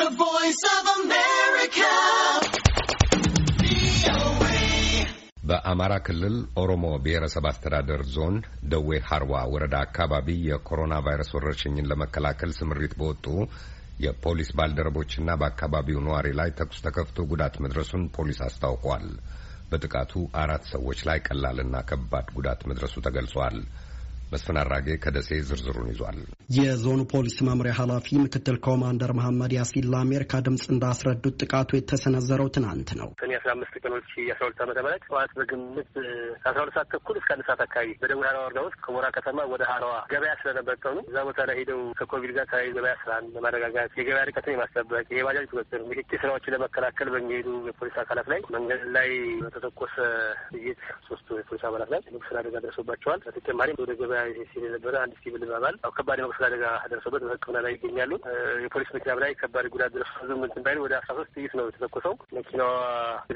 The Voice of America. በአማራ ክልል ኦሮሞ ብሔረሰብ አስተዳደር ዞን ደዌ ሐርዋ ወረዳ አካባቢ የኮሮና ቫይረስ ወረርሽኝን ለመከላከል ስምሪት በወጡ የፖሊስ ባልደረቦችና በአካባቢው ነዋሪ ላይ ተኩስ ተከፍቶ ጉዳት መድረሱን ፖሊስ አስታውቋል። በጥቃቱ አራት ሰዎች ላይ ቀላልና ከባድ ጉዳት መድረሱ ተገልጿል። መስፍን አራጌ ከደሴ ዝርዝሩን ይዟል። የዞኑ ፖሊስ መምሪያ ኃላፊ ምክትል ኮማንደር መሐመድ ያሲን ለአሜሪካ ድምፅ እንዳስረዱት ጥቃቱ የተሰነዘረው ትናንት ነው። ሰኔ አስራ አምስት ቀኖች የአስራ ሁለት ዓመተ ምህረት ጠዋት በግምት ከአስራ ሁለት ሰዓት ተኩል እስከ አንድ ሰዓት አካባቢ በደቡብ ሀረዋ ወረዳ ውስጥ ከሞራ ከተማ ወደ ሀረዋ ገበያ ስለነበር ጠኑ እዛ ቦታ ላይ ሄደው ከኮቪድ ጋር ተያይዞ ገበያ ስራን ለማረጋጋት የገበያ ርቀትን የማስጠበቅ ይሄ ባጃጅ ቁጥጥር ምክክል ስራዎችን ለመከላከል በሚሄዱ የፖሊስ አካላት ላይ መንገድ ላይ በተተኮሰ ጥይት ሶስቱ የፖሊስ አባላት ላይ ንጉስን አደጋ ደርሶባቸዋል። በተጨማሪም ወደ ገበያ ሲል የነበረ አንድ ሲቪል አባል ያው ከባድ የመቁሰል አደጋ ደርሶበት በሕክምና ላይ ይገኛሉ። የፖሊስ መኪና ላይ ከባድ ጉዳት ደርሶ ዝም እንትን ባይል ወደ አስራ ሶስት ጥይት ነው የተተኮሰው። መኪናዋ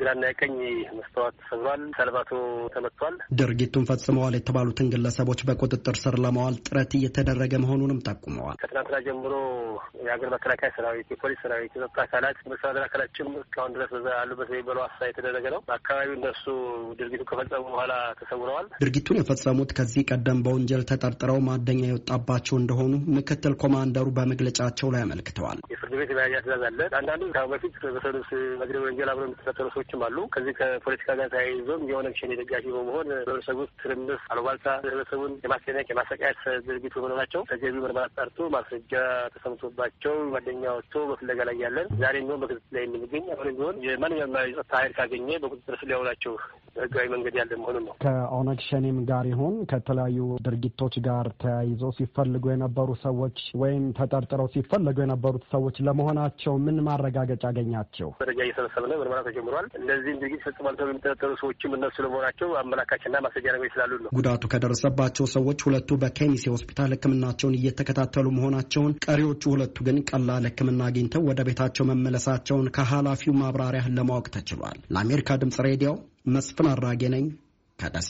ግራና የቀኝ መስተዋት ተሰብሯል፣ ሰልባቶ ተመቷል። ድርጊቱን ፈጽመዋል የተባሉትን ግለሰቦች በቁጥጥር ስር ለማዋል ጥረት እየተደረገ መሆኑንም ጠቁመዋል። ከትናንትና ጀምሮ የሀገር መከላከያ ሰራዊት፣ የፖሊስ ሰራዊት፣ የጸጥታ አካላት መሰናደር አካላችም እስካሁን ድረስ በዛ ያሉበት የሚበሉ አሳ የተደረገ ነው። በአካባቢው እነሱ ድርጊቱ ከፈጸሙ በኋላ ተሰውረዋል። ድርጊቱን የፈጸሙት ከዚህ ቀደም በወንጀል ወንጀል ተጠርጥረው ማደኛ የወጣባቸው እንደሆኑ ምክትል ኮማንደሩ በመግለጫቸው ላይ አመልክተዋል። የፍርድ ቤት የመያዣ ትእዛዝ አለ። አንዳንዱ ከአሁን በፊት በሰው መግደ ወንጀል አብረው የሚተሳሰሩ ሰዎችም አሉ። ከዚህ ከፖለቲካ ጋር ተያይዞም የሆነ ሸኔ ደጋፊ በመሆን በህብረተሰብ ውስጥ ትርምስ፣ አሉባልታ ህብረተሰቡን የማስጨነቅ የማሰቃየት ድርጊት በመሆናቸው ተገቢ ምርመራ ጠርቶ ማስረጃ ተሰምቶባቸው ጓደኛ ወጥቶ በፍለጋ ላይ ያለን ዛሬ ቢሆን በክትትል ላይ የምንገኝ አሁን ቢሆን የማንኛውም የጸጥታ ኃይል ካገኘ በቁጥጥር ስር ሊያውላቸው ህጋዊ መንገድ ያለ መሆኑን ነው። ከኦነግ ሸኔም ጋር ይሁን ከተለያዩ ድርጊቶች ጋር ተያይዞ ሲፈልጉ የነበሩ ሰዎች ወይም ተጠርጥረው ሲፈለጉ የነበሩት ሰዎች ለመሆናቸው ምን ማረጋገጫ አገኛቸው? መረጃ እየሰበሰብ ነው። ምርመራ ተጀምሯል። እነዚህም ድርጊት ፈጽሟል ተብሎ የሚጠረጠሩ ሰዎችም እነሱ ለመሆናቸው አመላካችና ማስረጃ ነገር ስላሉ ነው። ጉዳቱ ከደረሰባቸው ሰዎች ሁለቱ በኬሚሴ ሆስፒታል ህክምናቸውን እየተከታተሉ መሆናቸውን፣ ቀሪዎቹ ሁለቱ ግን ቀላል ህክምና አግኝተው ወደ ቤታቸው መመለሳቸውን ከኃላፊው ማብራሪያ ለማወቅ ተችሏል። ለአሜሪካ ድምጽ ሬዲዮ መስፍን አራጌ ነኝ ከደሴ